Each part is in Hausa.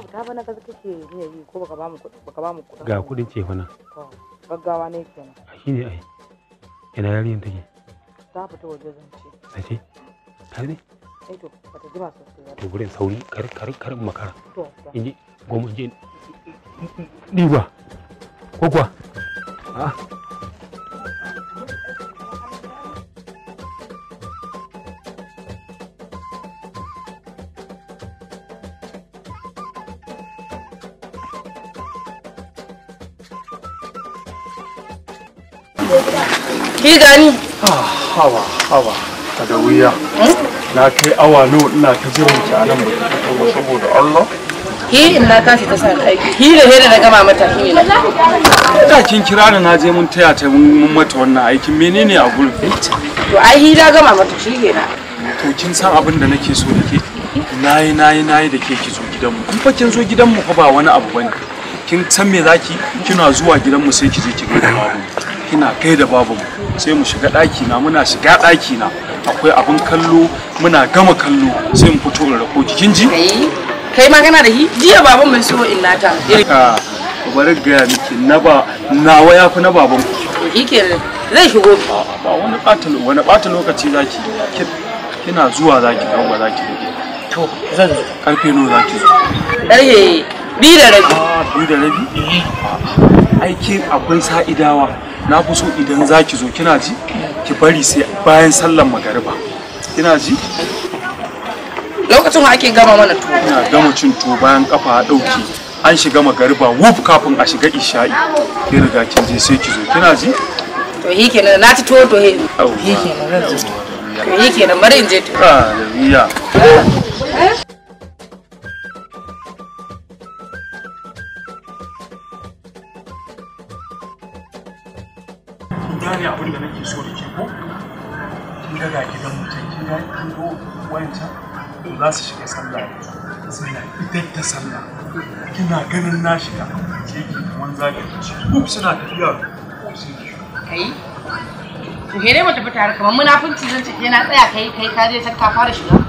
ne yi ko baka bamu kuɗi baka kuɗi ga kuɗin ce fa nan gaggawa ne kenan a shine ai ina take ta fita waje zan ce ta ne eh to bata jima sosai to gurin sauri kar kar kar makara to inji goma je ko kuwa a'a Ki gani? Ah, hawa, hawa, ta da wuya. Eh? Na kai awa nawa ina ta jiran ki a nan ba saboda Allah. Ki ina tashi ta sa aiki. Ki da ne na gama mata ki ne. Da kin kira ni na je mun taya ta mun mata wannan aikin menene a gurin? To ai hira gama mata shi kenan. To kin san abin da nake so da ke? nayi nayi nayi da ke ki zo gidanmu in fa kin zo gidanmu fa ba wani abu bane kin san me zaki kina zuwa gidanmu sai ki je ki ga babu ina da babanmu sai mu shiga ɗaki na muna shiga ɗaki na akwai abin kallo muna gama kallo sai mu fito da ko jikin ji kai magana da shi jiya baban mai so in nata bari ga miki na ba waya fi na baban ku shikenan zai shigo ba wani ɓata wani ɓata lokaci zaki kina zuwa zaki ko ba zaki to zan karfe nawa zaki zo ƙarfe biyu da rabi biyu da rabi aiki eh. akwai sa'idawa na fi so idan za ki zo kina ji ki bari sai bayan sallan magariba kina ji lokacin wa ake gama mana tuwo ina gama cin tuwo bayan kafa a dauke an shiga magariba wuf kafin a shiga isha'i ki riga kin je sai ki zo kina ji to yi kenan na ci tuwo to yi kenan to yi kenan mara in je tuwo ya kin ne abin da nake so da ke ko kin ga ga gidan mutum kin ga kin go wancan za su shiga sallah suna idan ta sallah kina ganin na shiga ke ki kaman zaka ci duk suna tafiya kai to he dai mu tafi tare kamar munafunci zan ce yana tsaya kai kai ka je ka fara shiga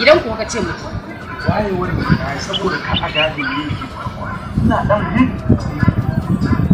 gidan ku ka ce mutum wayewar ne saboda ka a gadi ne yake ina dan hmm?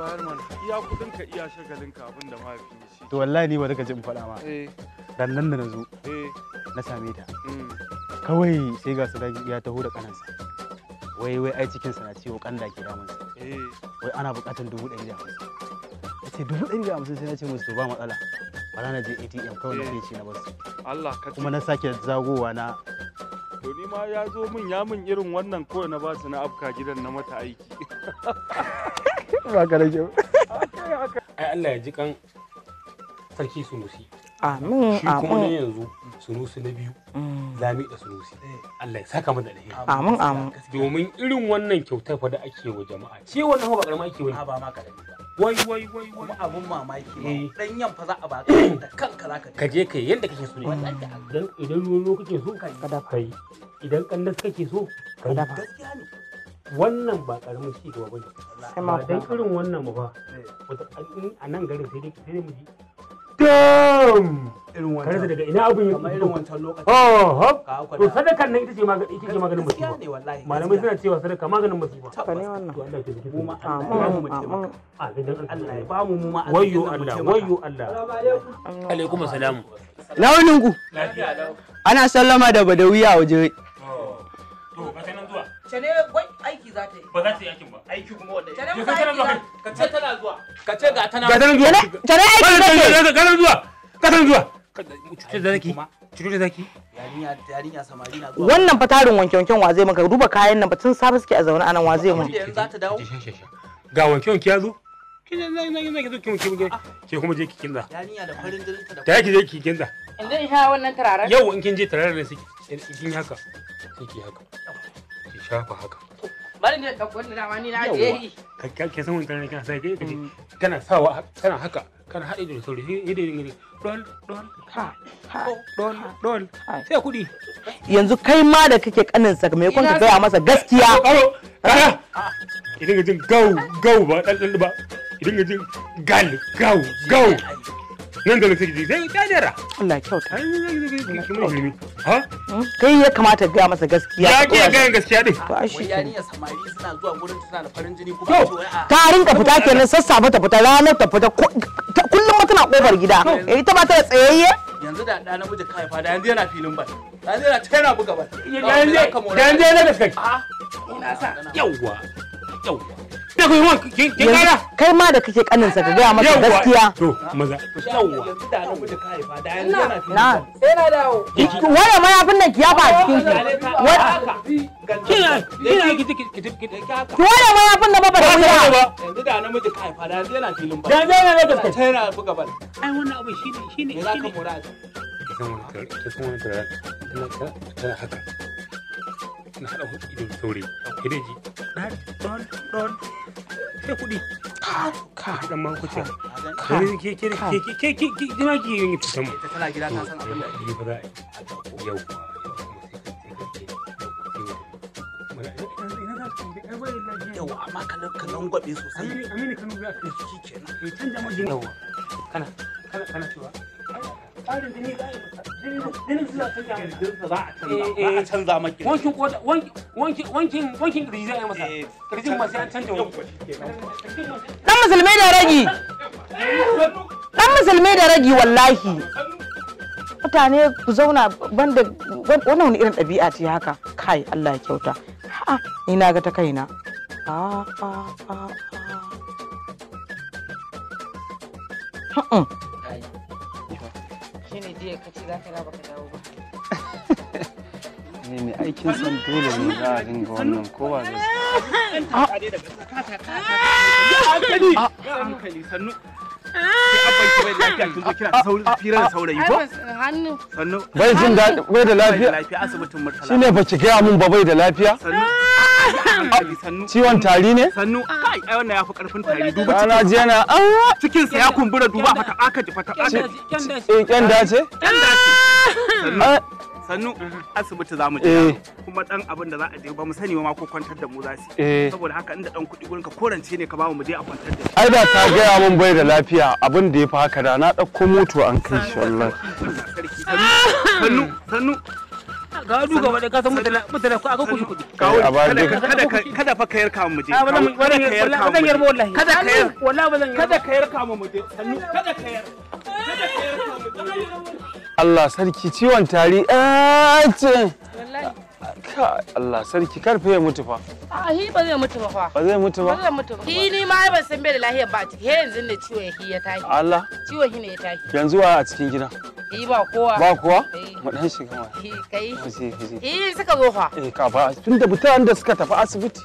bayar mana iya kudin ka iya shagalin ka abin da mahaifin shi to wallahi ni ba daga jin faɗa ma dan eh. nan da na zo eh. na same ta hmm. kawai sai ga sadaki ya taho da kanansa wai wai ai cikin sa na ciwo da ke damun eh. wai ana buƙatar dubu ɗari da hamsin ya ce dubu ɗari da hamsin sai na ce musu to ba matsala bara na je ATM kawai na ce na basu Allah ka kuma na sake zagowa na to ni ma ya zo min ya min irin wannan kawai na basu na afka gidan na mata aiki ba ka rage ai Allah ya ji kan sarki sunusi amin shi kuma ne yanzu sunusi na biyu mm. zami da sunusi Allah ya saka mu da alheri amin amin domin irin wannan kyautar fa da ake wa jama'a ce wannan ba karama ake wani ba ma karami wai wai wai wai abun mamaki dan eh. yan fa za a baka da kanka zaka ka je kai yanda kake so idan idan ruwan kake so ka dafa idan kandas kake so ka dafa gaskiya ne wannan ba karamin ci gaba bane ba dan irin wannan ba eh. a nan garin sai dai sai mu ji dam irin wannan karanta daga ina abin yake irin wancan lokaci oh hop to sadaka nan ita ce maganin ita ce maganin musu ne wallahi malamai suna cewa sadaka maganin musu ba ta ne wannan to Allah ke ziki mu ma ce a gidan Allah ya bamu mu ma wayyo Allah wayyo Allah alaikum assalam launin ku lafiya lau ana sallama da badawiya waje oh. to ka nan zuwa ce ne wai aiki za ta yi. Ba za ta yi aikin ba. Aiki kuma wanda ya Ka ce tana zuwa. Ka ce ga tana. zuwa. aiki Ga tana zuwa. tana zuwa. Cire da zaki. Cire da zaki. Yarinya samari na zuwa. Wannan fa tarin wanke-wanken wa zai maka duba kayan nan ba tun safe suke a zaune anan wa zai mun. Yanzu za ta dawo. Ga wanke-wanke ya zo. Ah. ke kuma je ki kinza da yake je ki kinza inda in sha wannan yau in kin je turaren ne suke in kin haka suke haka ki shafa haka bari ne ɗauko wanda dama ni na da yayi san wani kana sai kai mm. kana sawa kana haka kana haɗe da sauri hidi ne dol dol ha dol dol sai kuɗi yanzu kai ma da kake kanin sa me ka gaya masa gaskiya idan jin gau gau ba ba idan jin gal gau gau nan da ta Allah ya kyauta ki mun ha hmm? kai ya kamata ga masa gaskiya ya ke ga gaskiya din samari suna zuwa gurin suna da farin jini ta rinka fita kenan sassafe ta fita ranar ta fita kullum ma tana kofar gida eh, ita ba ta tsayayye yanzu da ɗa namiji kai fa da yanzu yana filin ba. yanzu yana ta yana buga ba. yanzu yana da kai yawwa yawwa kin kara kai ma da kake kanin sa ka ga masa gaskiya to maza yawa da da na sai na dawo ma abin ki a cikin ki ki ma abin ba ba yanzu da nan fa da yana filin ba yanzu yana da sai buga ai wannan abu shine shine shine ka mura ka wani ka san wani ka na haɗa kuɗi da saurayi sai dai ji na ɗon ɗon sai kuɗi ka haɗa ma kuce ka ke ke ke ke ke ke ke ma ke yin fitan mu tana gida ka san abin da ke ba yau yau amma ka ka langwabe sosai amini amini kan ga shi kenan kana kana kana cewa Ɗan eh, eh. eh, da ragi wallahi mutane ku zauna banda wannan irin ɗabi'a ce haka kai Allah kyauta a'a ina ga ta kaina ah, ah, ah, shine jiya ka ce za ka baka dawo ba ne ne aikin dole ne za a dinga wannan kowa zai hankali sannu sai abban ki bai saurayi ko hannu bai jin daɗi bai da lafiya asibitin murtala shine ba ki gaya min ba bai da lafiya ah! Ah! ciwon tari ne sannu ah. kai ai wannan yafi karfin tari duba cikin ana ji yana cikin sa ya kumbura duba fata aka ji fata aka ji eh dace kyan dace sannu mm-hmm. asibiti za mu je eh. kuma dan abin da za a je ba mu sani ma ko kwantar da mu za su eh. saboda haka inda dan kuɗi gurin ka korance ne ka ba mu je a kwantar da ai da ta gaya mun bai da lafiya abin da ya fi haka da na ɗauko moto an kai shi wallahi sannu ga ka fa kayar kama muje kada kayar kayar kayar kama muje Allah sarki ciwon tari ace eh, Allah sarki karfe ya mutu fa. A hi ba zai mutu ba fa. Ba zai mutu ba. Ba zai mutu ba. Hi ni ma ba san bai da lafiya ba. He yanzu ne ciwon hi ya tashi. Allah. Ciwon hi ne ya tashi. Yanzu wa a cikin gida. ba kowa. Ba kowa? Eh. Mu dan shiga Kai. Ku je Eh suka zo fa. Eh ka ba tunda butan da suka tafi asibiti